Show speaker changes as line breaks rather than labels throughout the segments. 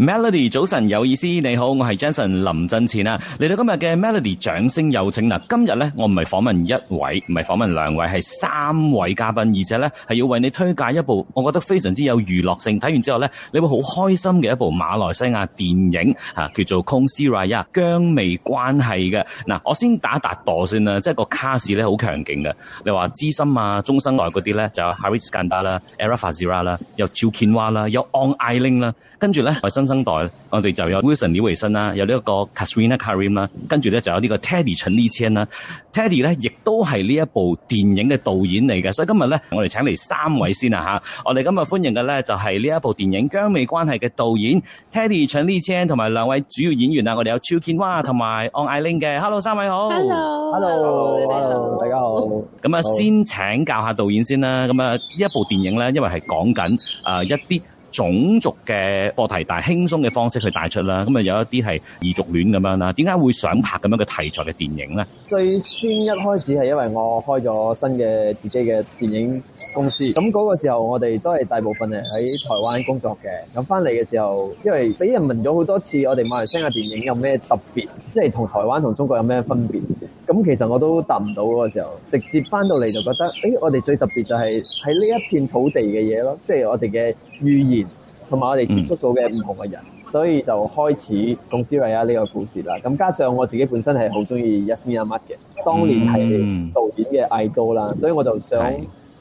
Melody 早晨有意思，你好，我係 Jason 林振前啊。嚟到今日嘅 Melody 掌聲有請嗱，今日咧我唔係訪問一位，唔係訪問兩位，係三位嘉賓，而且咧係要為你推介一部我覺得非常之有娛樂性，睇完之後咧你會好開心嘅一部馬來西亞電影啊，叫做《Kongsi Raya》啊，薑味關係嘅嗱，我先打一打舵先啦，即係個卡士呢，咧好強勁嘅，你話資深啊、中生代嗰啲咧就 Harith Iskander 啦、Erra Fazira 啦、又 Chew Kin Wah 啦、又 Ong Ai Leng 啦，跟住咧生代，我哋就有 Wilson 李維新啦，有呢一個 Katrina Karim 啦，跟住咧就有呢個 Teddy 陳立謙啦。Teddy 咧亦都係呢一部電影嘅導演嚟嘅，所以今日咧我哋請嚟三位先啊吓，我哋今日歡迎嘅咧就係呢一部電影《姜味關係》嘅導演 Teddy 陳立謙同埋兩位主要演員啊，我哋有周堅華同埋王愛玲嘅。Hello，三位好。
Hello，Hello，大家好。
咁啊，先請教下導演先啦。咁啊，呢一部電影咧，因為係講緊啊一啲。種族嘅課題，但係輕鬆嘅方式去帶出啦。咁啊，有一啲係異族戀咁樣啦。點解會想拍咁樣嘅題材嘅電影咧？
最先一開始係因為我開咗新嘅自己嘅電影公司咁嗰個時候，我哋都係大部分係喺台灣工作嘅。咁翻嚟嘅時候，因為俾人問咗好多次，我哋馬來西亞電影有咩特別，即係同台灣同中國有咩分別？咁其實我都答唔到嗰個時候，直接翻到嚟就覺得，誒、欸，我哋最特別就係喺呢一片土地嘅嘢咯，即、就、係、是、我哋嘅語言同埋我哋接觸到嘅唔同嘅人、嗯，所以就開始構思維啊呢個故事啦。咁加上我自己本身係好中意 Yasmin Ahmad 嘅，當年係導演嘅 idol 啦、嗯，所以我就想。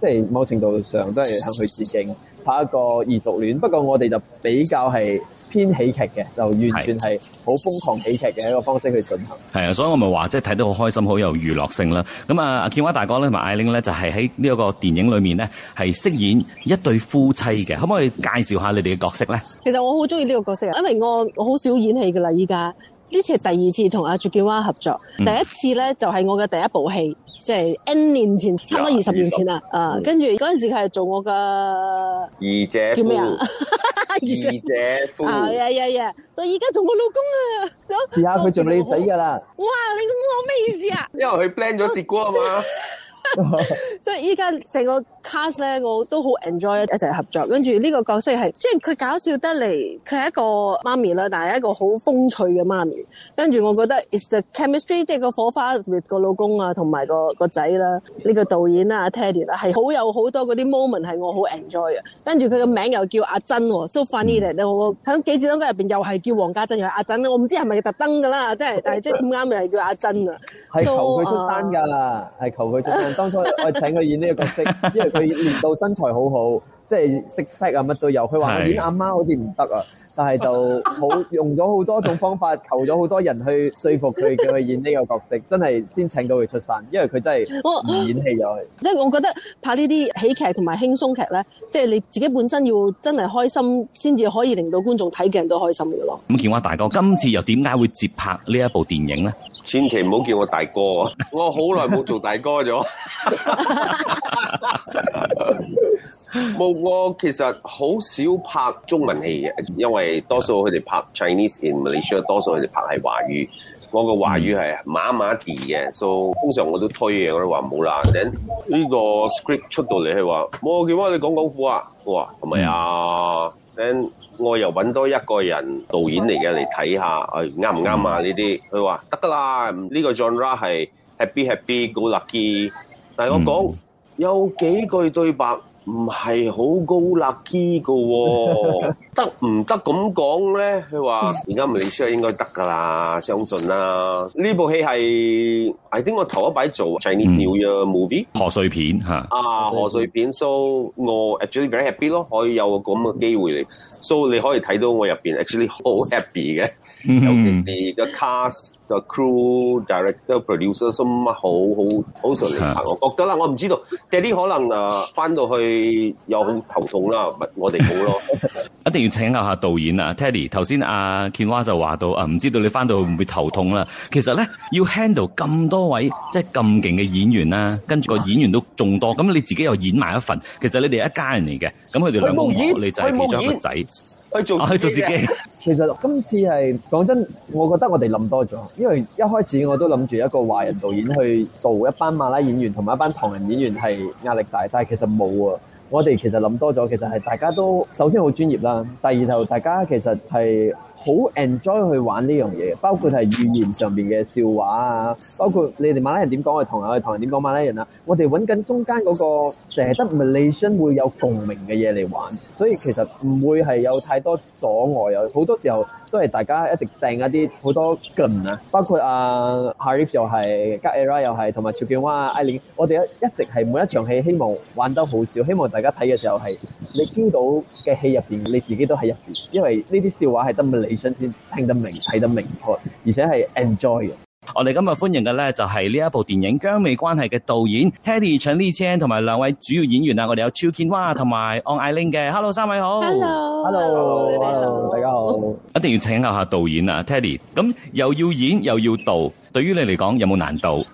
即係某程度上都係向佢致敬，拍一個異族戀。不過我哋就比較係偏喜劇嘅，就完全係好瘋狂喜劇嘅一個方式去進
行。係啊，所以我咪話，即係睇得好開心，好有娛樂性啦。咁啊，阿堅華大哥咧，同埋愛玲咧，就係喺呢一個電影裏面咧，係飾演一對夫妻嘅。可唔可以介紹下你哋嘅角色咧？
其實我好中意呢個角色啊，因為我我好少演戲噶啦，依家。呢次係第二次同阿周堅華合作、嗯，第一次咧就係、是、我嘅第一部戲，即、就、係、是、N 年前，差唔多二十年前啦。啊、嗯，跟住嗰陣時佢係做我嘅
二姐叫咩啊？二姐夫啊，呀
呀呀！所以依家做我老公啊，咁試下佢做你仔噶啦！哇，你咁我咩意思啊？ 因為佢
blend 咗雪姑啊嘛，
所以依家成個。cast 咧我都好 enjoy 一齊合作，跟住呢個角色係即係佢搞笑得嚟，佢係一個媽咪啦，但係一個好風趣嘅媽咪。跟住我覺得，is the chemistry 即係個火花，with 個老公啊，同埋個個仔啦，呢、這個導演啦、啊，阿 Teddy 啦，係好有好多嗰啲 moment 係我好 enjoy 啊。跟住佢個名又叫阿珍、喔嗯、，so funny 咧！我喺幾字當中入邊又係叫王家珍，又係阿珍，我唔知係咪特登噶啦，即係 但係即係咁啱又係叫阿珍啊。係求佢出山噶啦，
係、 so, 求佢出山、啊。當初我請佢演呢個角色， 佢練到身材好好。即係 expect 啊嘛，就由佢話我演阿媽，媽好似唔得啊，但係就好用咗好多種方法，求咗好多人去說服佢佢去演呢個角色，真係先請到佢出山，因為佢真係演戲入去
即係我覺得拍呢啲喜劇、同埋輕鬆劇咧，即係你自己本身要真係開心，先至可以令到觀眾睇鏡都開心嘅咯。
咁堅華大哥，今次又點解會接拍呢一部電影咧？千祈唔好叫我大哥啊！
我好耐冇做大哥咗。 冇、 嗯、我其實好少拍中文戲嘅，因為多數佢哋拍 Chinese in Malaysia，多數佢哋拍係華語。我個華語係麻麻地嘅，所以通常我都推嘅，我都說了這說、嗯、講講話冇啦。等呢個 script 出到嚟，佢話我叫我你講廣府啊，哇，係咪啊？等我又搵多一個人導演嚟嘅嚟睇下，誒啱唔啱啊？呢啲佢話得噶啦，呢、這個 genre 係 happy happy go lucky，但係我講有幾句對白。唔係好高辣㗎喎，得唔得咁講咧？佢話：而家唔理需要應該得噶啦，相信啦。呢部戲係，I think 我頭一擺做 Chinese New Year movie 賀、
嗯、歲片啊，賀
歲片、啊、歲片，so 我 actually very happy 咯，可以有個咁嘅機會嚟，so 你可以睇到我入邊 actually 好 happy 嘅、嗯，尤其是個 cast。就 crew、director、producer，麼好好好我覺得啦，我唔知道 Teddy 可能啊，翻到去又好頭痛啦，唔 我哋冇
好咯。 一定要請教下導演啊 Teddy 頭先，阿堅華就話到啊，唔、啊、知道你翻到去會唔會頭痛啦？其實咧，要 handle 咁多位即係咁勁嘅演員啦、啊，跟住個演員都仲多，咁、啊、你自己又演埋一份。其實你哋一家人嚟嘅，咁佢哋兩你就係其中一個仔，去做自己。
其實今次係講真，我覺得我哋諗多咗。因為一開始我都諗住一個華人導演去導一班馬拉演員同埋一班唐人演員，係壓力大，但係其實冇喎。我哋其實諗多咗，其實係大家都首先好專業啦，第二就大家其實係好 enjoy 去玩呢樣嘢，包括係語言上面嘅笑話啊，包括你哋馬拉人點講，我哋唐人，我哋唐人點講馬拉人啊。我哋揾緊中間嗰個淨係得 Malaysia 會有共鳴嘅嘢嚟玩，所以其實唔會係有太多阻礙啊，好多時候。都係大家一直掟一啲好多梗啊，包括阿 Harif 又係，Gala 又係，同埋潮建灣啊，Ilin，我哋一一直係每一場戲希望玩得好笑，希望大家睇嘅時候係你 feel 到嘅戲入邊，你自己都喺入邊，因為呢啲笑話係得咁理想先聽得明，睇得明確，而且係 enjoy 嘅。.
我哋今日歡迎嘅咧就係、是、呢一部電影《姜味關係》嘅導演 Teddy Chan Lee Chan，同埋兩位主要演員啊，我哋有 Chau Kin Wah 同埋 Oi Ling 嘅。Hello，三位
好。Hello，Hello，Hello，Hello, Hello, Hello, Hello, Hello, Hello, Hello. 大
家好。一定要請教下導演啊，Teddy。咁又要演又要導，對於你嚟講有冇難度？
誒，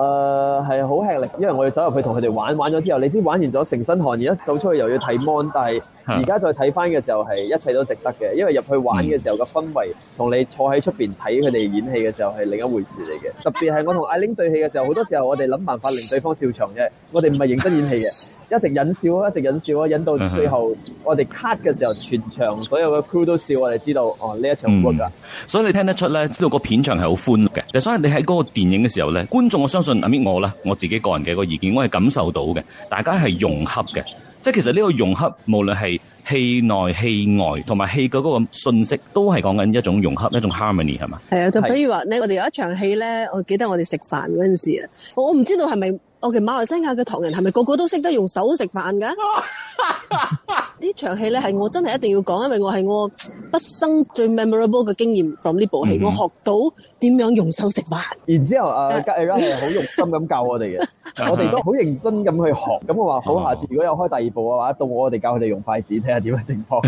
係好吃力，因為我要走入去同佢哋玩，玩咗之後，你知玩完咗成身汗，而家走出去又要睇 mon，但係而家再睇翻嘅時候係一切都值得嘅，因為入去玩嘅時候個氛圍同你坐喺出邊睇佢哋演戲嘅時候係另一回事嚟嘅。特別係我同阿 Ling 對戲嘅時候，好多時候我哋諗辦法令對方笑場啫。我哋唔係認真演戲嘅， 一直忍笑啊，一直忍笑啊，忍到最後 我哋 cut 嘅時候，全場所有嘅 crew 都笑，我哋知道哦呢一場歡㗎、嗯。
所以你聽得出咧，知道個片場係好歡嘅。所以你喺嗰個電影嘅時候咧，觀眾我相信諗起我啦，我自己個人嘅個意見，我係感受到嘅，大家係融合嘅。即係其實呢個融合，無論係戲內戲外，同埋戲嗰個信息，都係講緊一種融合，一種 harmony 係嘛？係啊，就比如
話咧，我哋有一場戲咧，我記得我哋食飯嗰陣時啊，我唔知道係咪我哋馬來西亞嘅唐人係咪個個都識得用手食飯㗎？呢 場戲咧係我真係一定要講，因為我係我畢生最 memorable 嘅經驗。就呢部戲、嗯，我學到，點樣用手食飯？
然之後誒，吉爾好用心咁教我哋嘅， 我哋都好認真咁去學。咁我話好，下次如果有開第二部嘅話，到我哋教佢哋用筷子睇下點樣情況。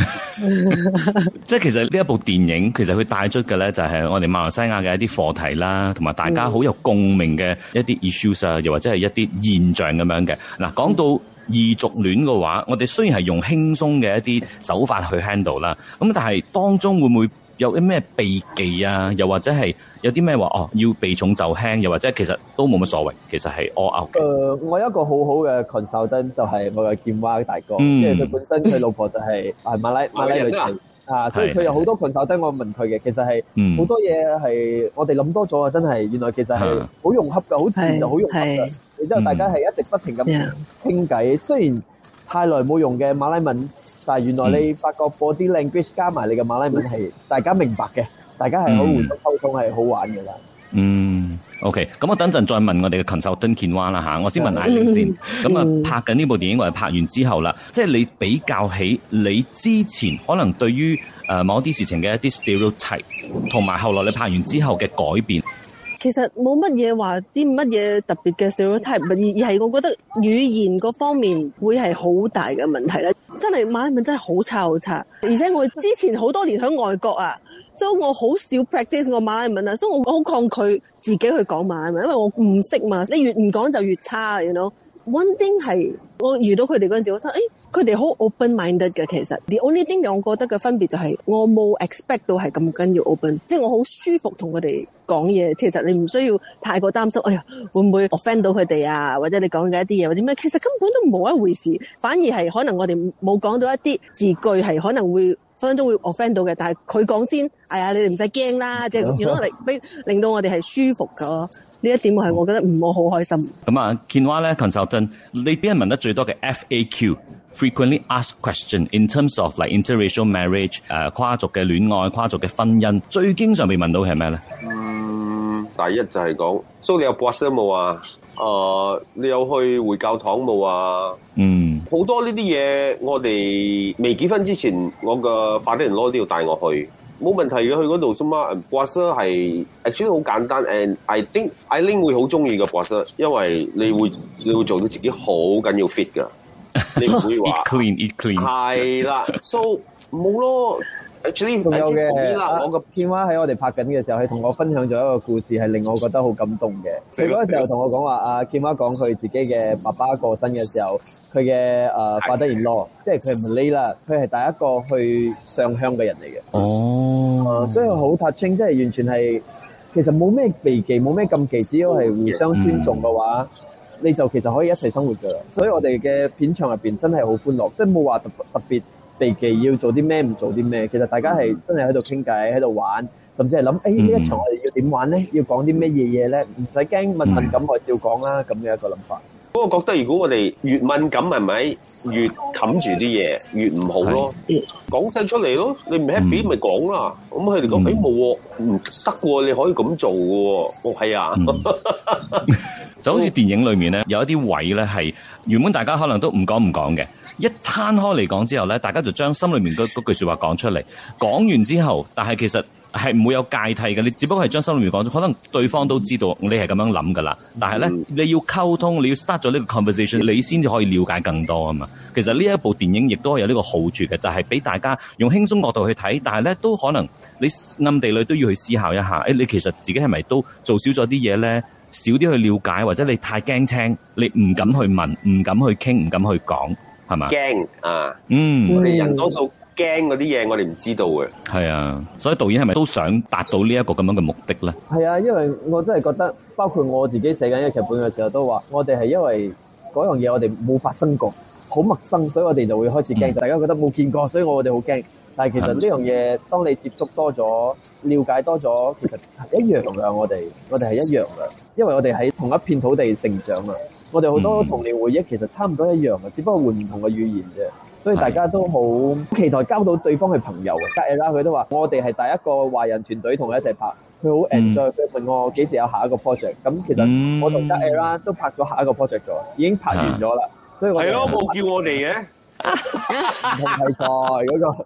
即 係 其實呢一部電影，其實佢帶出嘅咧，就係我哋馬來西亞嘅一啲課題啦，同埋大家好有共鳴嘅一啲 issues 啊，又或者係一啲現象咁樣嘅。嗱，講到異族戀嘅話，我哋雖然係用輕鬆嘅一啲手法去 handle 啦，咁但係當中會唔會？有啲咩避忌啊？又或者係有啲咩話哦？要避重就輕，又或者其實都冇乜所謂。其實係我拗。誒，
我有一個好好嘅 consultant 就係我嘅堅華大哥，因為佢本身佢老婆就係係馬拉馬拉女士啊，所以佢有好多 consultant 我問佢嘅。其實係好多嘢係我哋諗多咗啊！真係原來其實係好融洽嘅，好自然就好融洽嘅。然之後大家係一直不停咁傾偈，雖然太耐冇用嘅馬拉文。但係原來你發覺 body language，嗯、加埋你嘅馬來文係大家明白嘅，嗯，大家係好互相溝通係好玩嘅啦，
嗯。嗯，OK，咁我等陣再問我哋嘅禽獸同堅華啦嚇，我先問愛玲先。咁，嗯、啊、嗯，拍緊呢部電影我哋拍完之後啦，即係你比較起你之前可能對於誒某啲事情嘅一啲 stereotype，同埋後來你拍完之後嘅改變。
其實冇乜嘢話啲乜嘢特別嘅小 type，唔係，而係我覺得語言嗰方面會係好大嘅問題咧。真係馬拉文真係好差好差，而且我之前好多年喺外國啊，所以我好少 practice 我馬拉文啊，所以我好抗拒自己去講馬拉文，因為我唔識嘛。你越唔講就越差，you know。One thing 係我遇到佢哋嗰陣時，我心誒，佢哋好 open minded 嘅。其實 the only thing 我覺得嘅分別就係我冇 expect 到係咁緊要 open，即係我好舒服同佢哋。講嘢其實你唔需要太過擔心，哎呀，會唔會 offend 到佢哋啊？或者你講嘅一啲嘢或者咩？其實根本都冇一回事，反而係可能我哋冇講到一啲字句係可能會分分鐘會 offend 到嘅。但係佢講先，哎呀，你哋唔使驚啦， 即係如果俾令到我哋係舒服嘅呢一點係我覺得唔好開心。
咁、嗯、啊，堅華咧，consultant，你俾人問得最多嘅 FAQ（frequently asked question）in terms of like interracial marriage，跨、呃、族嘅戀愛、跨族嘅婚姻最經常被問到係咩咧？嗯
第一就係講，所、so, 以你有 box 冇啊？Uh, 你有去回教堂冇啊？嗯，好多呢啲嘢，我哋未結婚之前，我嘅 father-in-law 都要帶我去，冇問題嘅，去嗰度啫嘛。box 係 actually 好簡單，and I think Ai Ling 會好中意嘅 box，因為你會你會做到自己好緊要 fit 噶。
你唔會話 clean eat clean
係啦，so 冇咯。仲有嘅，我
個堅華喺我哋拍緊嘅時候，係同我分享咗一個故事，係令我覺得好感動嘅。佢嗰陣時候同我講話，阿堅華講佢自己嘅爸爸過身嘅時候，佢嘅誒化得熱絡，即係佢唔 lay 啦，佢係第一個去上香嘅人嚟嘅。哦，所以好 touching，即係完全係其實冇咩避忌，冇咩禁忌，只要係互相尊重嘅話，你就其實可以一齊生活㗎。所以我哋嘅片場入邊真係好歡樂，即係冇話特特別。避忌，要做啲咩，唔做啲咩，其實大家係真係喺度傾偈，喺度玩，甚至係諗，誒、哎、呢一場我哋要點玩咧，要講啲咩嘢嘢咧，唔使驚問問，咁我照講啦，咁樣一個諗法。
不我覺得如果我哋越敏感，係咪越冚住啲嘢，越唔好咯？講晒出嚟咯！你唔 happy 咪講啦。咁佢哋講，
哎冇，唔得嘅，你可以咁做嘅、啊。哦，係啊，嗯、 就好似電影裏面咧，有一啲位咧係原本大家可能都唔講唔講嘅，一攤開嚟講之後咧，大家就將心裏面嗰句説話講出嚟。講完之後，但係其實，係唔會有芥蒂嘅，你只不過係將心裏面講，可能對方都知道你係咁樣諗噶啦。但係咧、嗯，你要溝通，你要 start 咗呢個 conversation，你先至可以了解更多啊嘛。其實呢一部電影亦都有呢個好處嘅，就係、是、俾大家用輕鬆角度去睇，但係咧都可能你暗地裏都要去思考一下，欸、你其實自己係咪都做少咗啲嘢咧？少啲去了解，或者你太驚聽，你唔敢去問，唔敢去傾，唔敢去講，係嘛？驚啊！嗯，嗯人多數驚嗰啲嘢，我哋唔知道嘅。係啊，所以導演係咪都想達到呢一個咁樣嘅目的咧？
係啊，因為我真係覺得，包括我自己寫緊一個劇本嘅時候都說，都話我哋係因為嗰樣嘢我哋冇發生過，好陌生，所以我哋就會開始驚、嗯。大家覺得冇見過，所以我哋好驚。但係其實呢樣嘢，當你接觸多咗、了解多咗，其實係一樣噶。我哋我哋係一樣噶，因為我哋喺同一片土地成長啊。我哋好多童年回憶其實差唔多一樣嘅，只不過換唔同嘅語言啫。所以大家都好期待交到對方嘅朋友啊！隔夜啦，佢都話：我哋係第一個華人團隊同佢一齊拍，佢好 enjoy。佢問我幾時有下一個 project？咁其實我同隔夜啦都拍咗下一個 project 咗，已經拍完咗啦。所以係咯，冇叫我嚟嘅。唔係錯，嗰個。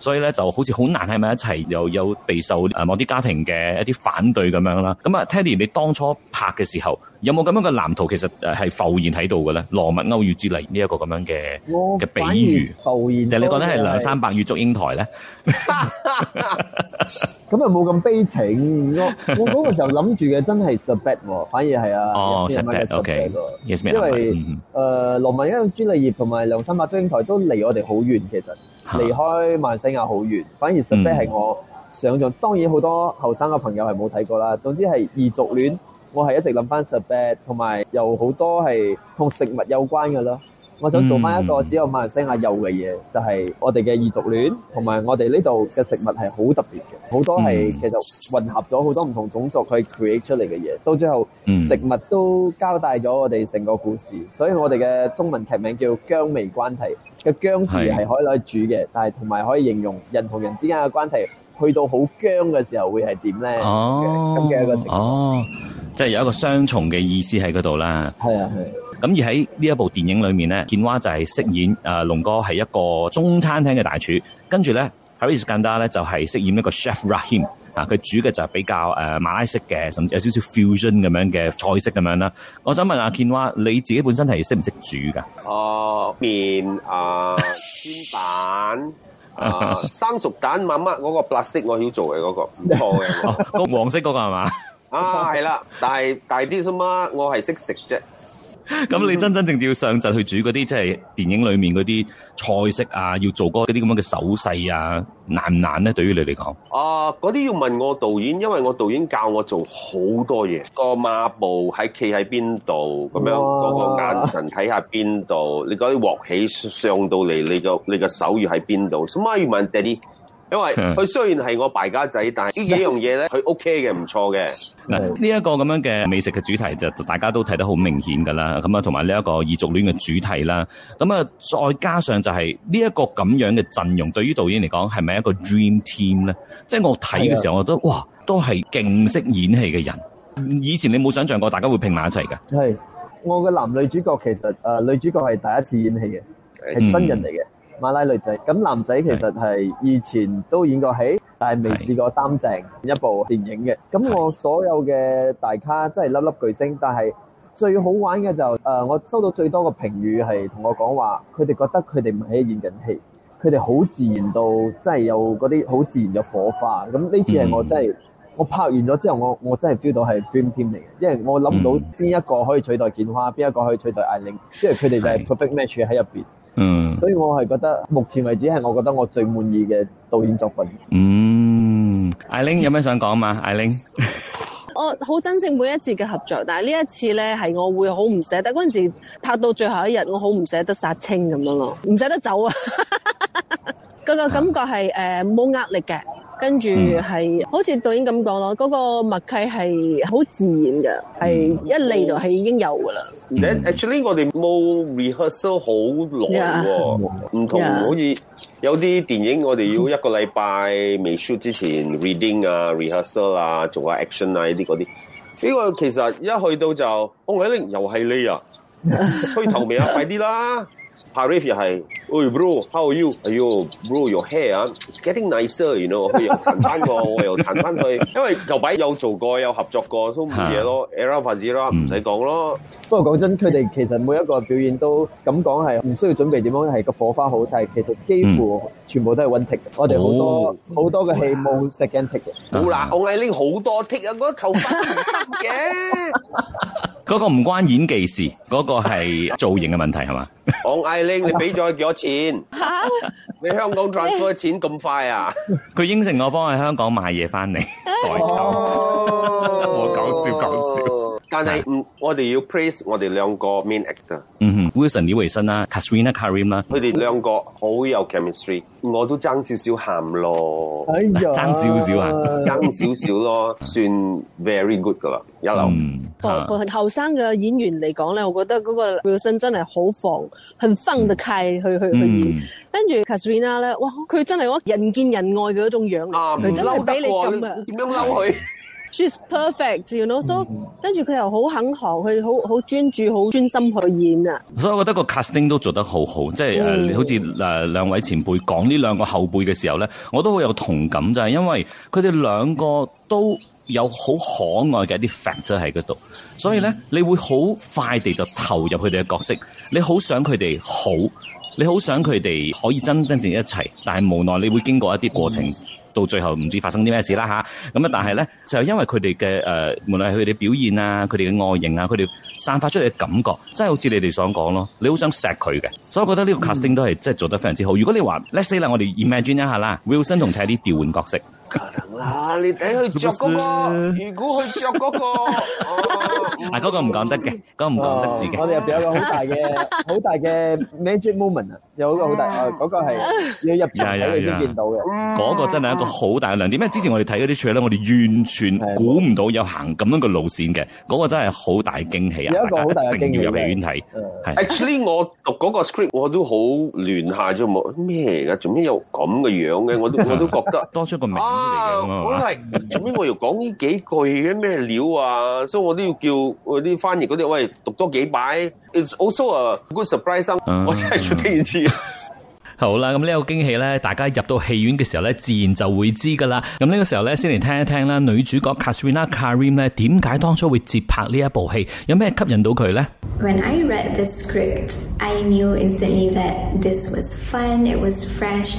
所以咧就好似好難喺埋一齊，又有備受誒某啲家庭嘅一啲反對咁樣啦。咁啊，Teddy，你當初拍嘅時候，有冇咁樣嘅藍圖？其實誒係浮現喺度嘅咧。羅密歐與朱麗呢一個咁樣嘅嘅、哦、比喻，
浮定係、就是、你覺得係梁山
伯與祝英台咧？
咁 又冇咁悲情。我我嗰個時候諗住嘅真係 so bad，反而係啊哦 so bad，ok，yes，man 因為誒羅密歐與朱麗葉同埋梁山伯祝英台都離我哋好遠，其實。離開曼西亞好遠，反而十八係我想象。當然好多後生嘅朋友係冇睇過啦。總之係異族戀，我係一直諗返十八，同埋、嗯、有好多係同食物有關嘅咯。我想做翻一個只有馬來西亞有嘅嘢，就係我哋嘅異族戀，同埋我哋呢度嘅食物係好特別嘅，好多係其實混合咗好多唔同種族去 create 出嚟嘅嘢，到最後食物都交代咗我哋成個故事，所以我哋嘅中文劇名叫《姜味關係》，個姜字係可以攞去煮嘅，但係同埋可以形容人同人之間嘅關係，去到好姜嘅時候會係點呢？
咁嘅一個情況哦。即係有一個雙重嘅意思喺嗰度啦。係啊，係、啊。咁而喺呢一部電影裏面咧，堅華就係飾演誒龍、呃、哥，係一個中餐廳嘅大廚。跟住咧喺 Harry Scanda 咧就係飾演一個 Chef Rahim 啊，佢、啊、煮嘅就係比較誒、呃、馬拉式嘅，甚至有少少 fusion 咁樣嘅菜式咁樣啦。我想問下堅華，你自己本身係識唔識煮噶？哦、
呃，麵啊、呃、煎蛋啊 、
呃、
生熟蛋，乜乜嗰個 plastic 我要做嘅嗰、那個唔錯嘅、那個，
哦那個、黃色嗰個係嘛？
啊，係啦，大大啲啫嘛，我係識食啫。
咁你真真正正要上陣去煮嗰啲，即係電影裏面嗰啲菜式啊，要做嗰啲咁樣嘅手勢啊，難唔難咧？對於你嚟講，
啊、呃，嗰啲要問我導演，因為我導演教我做好多嘢，個馬步喺企喺邊度，咁樣嗰個眼神睇下邊度，你嗰啲鑊起上到嚟，你個你個手要喺邊度，咁啊要慢啲。因為佢雖然係我敗家仔，但係呢幾、OK 嗯這個、樣嘢咧，佢 OK 嘅，唔錯嘅。嗱，
呢一個咁樣嘅美食嘅主題就大家都睇得好明顯噶啦。咁啊，同埋呢一個異族戀嘅主題啦。咁啊，再加上就係呢一個咁樣嘅陣容，對於導演嚟講，係咪一個 dream team 咧？即、就、係、是、我睇嘅時候，我覺得哇，都係勁識演戲嘅人。以前你冇想象過，大家會拼埋一齊噶。
係我嘅男女主角，其實誒、呃，女主角係第一次演戲嘅，係新人嚟嘅。嗯馬拉女仔，咁男仔其實係以前都演過戲，但係未試過擔正一部電影嘅。咁我所有嘅大咖，真係粒粒巨星，但係最好玩嘅就誒、是呃，我收到最多嘅評語係同我講話，佢哋覺得佢哋唔係演緊戲，佢哋好自然到，真係有嗰啲好自然嘅火花。咁呢次係我真係、嗯、我拍完咗之後，我我真係 feel 到係 dream team 嚟嘅，因為我諗到邊一個可以取代堅華，邊一個可以取代愛玲，因為佢哋就係 perfect 是 match 喺入邊。嗯，所以我係覺得目前為止係我覺得我最滿意嘅導演作品。嗯，
愛玲有咩想講嘛？愛 玲、
啊，啊、 我好珍惜每一次嘅合作，但係呢一次咧係我會好唔捨得。嗰陣時候拍到最後一日，我好唔捨得殺青咁樣咯，唔捨得走啊。個 個感覺係誒冇壓力嘅。跟住係、嗯，好似導演咁講咯，嗰、嗰個默契係好自然嘅，係、嗯、一嚟就係已經有噶
啦、嗯。而且 actually 我哋冇 rehearsal 好耐喎，唔同好似有啲電影我哋要一個禮拜未 shoot 之前、嗯、reading 啊、rehearsal 啊、做下 action 啊呢啲嗰啲。呢個其實一去到就，我喺呢，又係你啊，推 頭未啊，快啲啦！Paravee 係，哎呦，bro，how are you？哎呦，bro，your hair 啊，getting nicer，you know？哎呦，彈翻佢，哎呦，彈翻佢，因為舊排有做過，有合作過，都冇嘢咯。Air Force 啦，唔使講咯。
不過講真，佢哋其實每一個表演都咁講係唔需要準備點樣，係個火花好曬。其實幾乎全部都係 one take。我哋好多好多嘅戲冇 second take 嘅，好啦，我嗌拎好多 take 啊，我覺得求婚唔得嘅。
嗰、那個唔關演技事，嗰、那個係造型嘅問題係咪 ？
王愛玲，你俾咗幾多錢？ 你香港賺多嘅錢咁快啊？
佢 應承我幫佢香港買嘢返嚟
代購，
我搞笑搞笑。但係，我哋要 praise 我哋兩個 main actor、嗯。嗯 Wilson 李維森啦，Kasrina Karim 啦，佢
哋、啊、兩個好有 chemistry，我都爭少少喊咯，爭少少啊，爭少少咯，算 very good 噶啦、嗯。一樓，
後生嘅演員嚟講咧，我覺得嗰個 Wilson 真係好防，很 funny 去去去跟住 Kasrina 咧，哇，佢真係哇人見人愛嘅嗰種樣，佢真係俾你撳啊，點樣嬲佢？啊嗯 She's perfect，you know so。mm-hmm. 跟住佢又好肯學，佢好好專注、好專心去演啊。
所以我覺得個 casting 都做得好好，即係誒，好似誒兩位前輩講呢兩個後輩嘅時候咧，我都好有同感，就係因為佢哋兩個都有好可愛嘅一啲 factor 喺嗰度，所以咧你會好快地就投入佢哋嘅角色，你好想佢哋好，你好想佢哋可以真真正一齊，但係無奈你會經過一啲過程。到最後唔知發生啲咩事啦吓，咁啊！但係咧就係因為佢哋嘅誒，無論係佢哋表現啊，佢哋嘅外形啊，佢哋散發出嚟嘅感覺，真係好似你哋所講咯，你好想錫佢嘅，所以我覺得呢個 casting、嗯、都係真係做得非常之好。如果你話 Let's say 啦，我哋 imagine 一下啦，Wilson 同 Teddy 調換角色。
啦，你哋去着嗰、那個，如
果去着嗰、那個，是是
是啊嗰、啊那個唔講得嘅，嗰、那個唔講得住嘅、哦。我哋入邊有
個好大嘅，好 大嘅 magic moment 啊，有、那、嗰個好大，嗰個係要入邊睇你先見到嘅。嗰、那個真係一
個好大嘅亮點，因為之前我哋睇嗰啲劇咧，我哋完全估唔到有行咁樣嘅路線嘅，嗰、那個真係好大嘅驚喜啊！有一個好大嘅驚喜，大家一定要入戲院睇。係。Actually 我讀嗰個 script
我都好亂下啫，冇咩嘅，做咩、啊、有咁嘅樣嘅、啊？我都 我都覺得多出個名。本、啊啊、我係，做 咩我要講呢幾句嘅咩料啊？所以我都要叫嗰啲翻譯嗰啲喂讀多幾擺。It's also a good surprise、嗯、我真係出啲嘢知。
好啦，咁呢個驚喜咧，大家入到戲院嘅時候咧，自然就會知噶啦。咁呢個時候咧，先嚟聽一聽啦。女主角 Kasrina Karim 咧，點解當初會接拍呢一部戲？有咩吸引到佢咧
？When I read this script, I knew instantly that this was fun. It was fresh.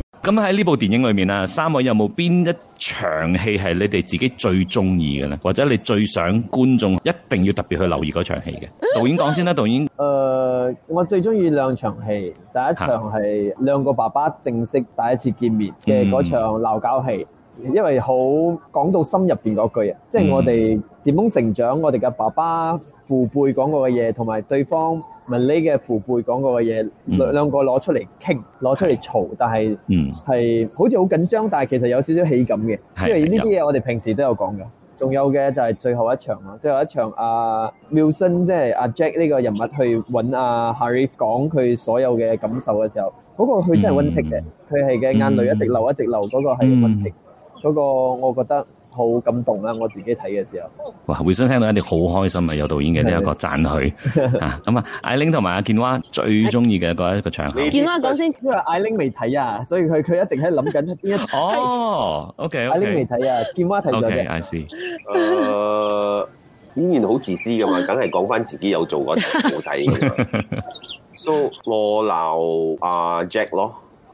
咁喺呢部電影裏面啊，三位有冇邊一場戲係你哋自己最鍾意嘅呢？或者你最想觀眾一定要特別去留意嗰場戲嘅？
導演講先啦，導演。呃，我最鍾意兩場戲，第一場係兩個爸爸正式第一次見面嘅嗰場鬧交戲。嗯因為好講到心入邊嗰句啊，即係我哋點樣成長，我哋嘅爸爸父輩講過嘅嘢，同埋對方唔係你嘅父輩講過嘅嘢，兩兩個攞出嚟傾，攞出嚟嘈，但係係好似好緊張，但係其實有少少喜感嘅。因為呢啲嘢我哋平時都有講嘅。仲有嘅就係最後一場咯，最後一場阿 Wilson 即係阿 Jack 呢個人物去揾阿 Harif 講佢所有嘅感受嘅時候，嗰個佢真係溫馨嘅，佢係嘅眼淚一直流一直流，嗰個係溫馨。嗰、那個我覺得好感動啦！我自己睇嘅時候，
哇！會生聽到一定好開心啊！有導演嘅呢一個讚許啊！咁啊，愛玲同埋阿堅華最中意嘅一個一個場口。堅華
講先，因為愛玲未睇啊，所以佢佢一直喺諗緊邊一 哦。OK OK，愛玲未睇啊，堅華睇咗嘅。I see、
uh, 演員好自私噶嘛，梗係講翻自己有做過冇睇。So 我鬧阿、uh, Jack 咯。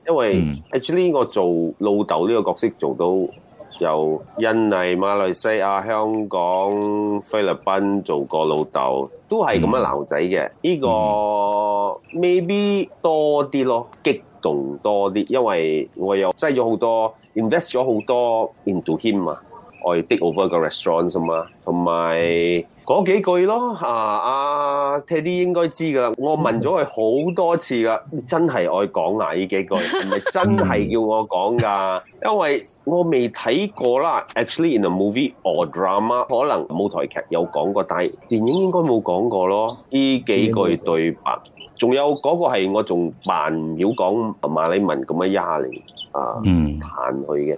因為 actually 我做老豆呢個角色做到由印尼、馬來西亞、香港、菲律賓做過老豆，都係咁樣的鬧仔嘅。呢、這個 maybe 多啲咯，激動多啲，因為我又擠咗好多，invest 咗好多 into him 啊。我 take over 個 restaurant 啫嘛，同埋嗰幾句咯吓，啊，啊 Teddy 應該知噶啦，我問咗佢好多次噶，真係愛講嗱呢幾句，唔係真係要我講噶，因為我未睇過啦。Actually，in a movie or drama，可能舞台劇有講過，但係電影應該冇講過咯。呢幾句對白，仲有嗰個係我仲扮秒講，馬里文咁樣呀嚟啊，彈佢嘅。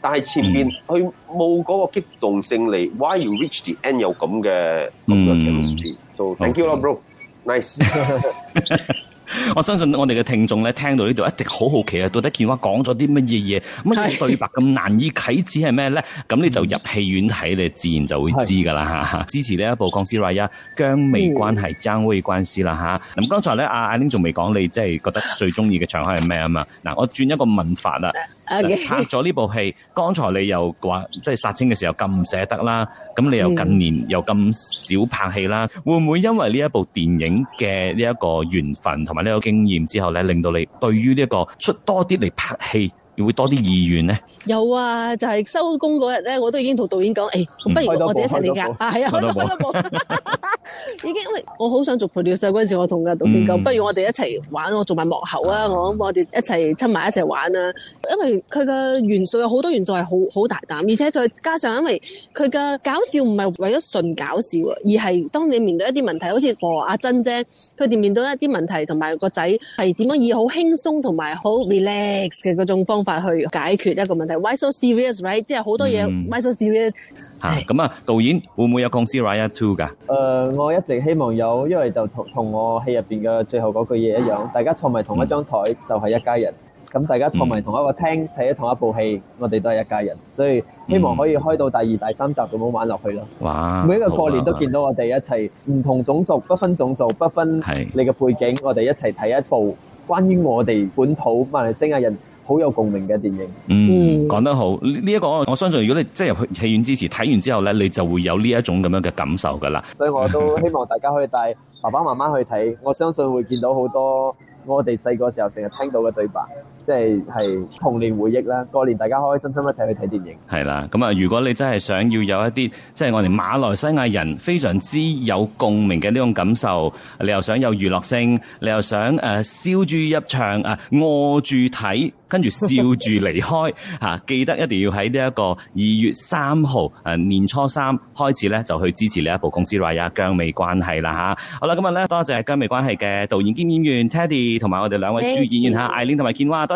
但係前面，佢冇嗰個激動性嚟、嗯、，Why you reach the end 有咁嘅咁嘅 chemistry,
so thank you 啦、
okay.，bro，nice
我相信我哋嘅聽眾咧，聽到呢度一定好好奇啊，到底堅華講咗啲乜嘢嘢，乜嘢對白咁難以啟齒係咩咧？咁 你就入戲院睇，你自然就會知噶啦吓。 支持呢一部講《鋼絲 Raya 姜味關係爭威關係》啦、嗯、吓。咁剛、啊、才咧、啊，阿阿玲仲未講，你即係覺得最中意嘅場口係咩啊嘛？嗱，我轉一個問法啦。Okay. 拍咗呢部戲，剛才你又話即係殺青嘅時候咁唔捨得啦，咁你又近年又咁少拍戲啦、嗯，會唔會因為呢一部電影嘅呢一個緣分同埋呢個經驗之後呢，令到你對於呢個出多啲嚟拍戲？會多啲意願咧？
有啊，就係收工嗰日咧，我都已經同導演講、哎嗯，誒、啊啊嗯 嗯，不如我哋一齊嚟噶，係啊，我都覺得冇，已經因為我好想做配角，細嗰陣時我同個導演講，不如我哋一齊玩，我做埋幕後啊、嗯，我我哋一齊出埋一齊玩啊，因為佢嘅元素有好多元素係好好大膽，而且再加上因為佢嘅搞笑唔係為咗純搞笑啊，而係當你面對一啲問題，好似和阿珍姐，佢哋面對一啲問題，同埋個仔係點樣以好輕鬆同埋好 relax 嘅嗰種方法。去解決一個問題，why so serious？Right，即係好多嘢，why so serious？
係咁啊！導演會唔會有 Serious Two 㗎？
誒，我一直希望有，因為就同同我戲入邊嘅最後嗰句嘢一樣，大家坐埋同一張台就係一家人。咁大家坐埋同一個廳睇同一部戲，我哋都係一家人，所以希望可以開到第二、第三集咁樣玩落去咯。
哇！每一個過年都見到
我哋一齊唔同種族，不分種族，不分你嘅背景，我哋一齊睇一部關於我哋本土馬來西亞人。好有共鳴嘅電影，
嗯，講得好呢一個，我相信如果你即係入去戲院之前睇完之後咧，你就會有呢一種咁樣嘅感受噶啦。
所以我都希望大家可以帶爸爸媽媽去睇，我相信會見到好多我哋細個時候成日聽到嘅對白。即係童年回憶啦，過年大家開開心心一齊去睇電影。
係啦，咁啊，如果你真係想要有一啲，即、就、係、是、我哋馬來西亞人非常之有共鳴嘅呢種感受，你又想有娛樂性，你又想誒燒住入場啊、呃，餓住睇，跟住笑住離開嚇、 啊，記得一定要喺呢一個二月三號誒年初三開始咧，就去支持呢一部《公司來也、right? 姜味關係啦吓，好啦，今日咧多謝姜味關係嘅導演兼演員 Teddy，同埋我哋兩位主演員吓愛玲同埋堅華。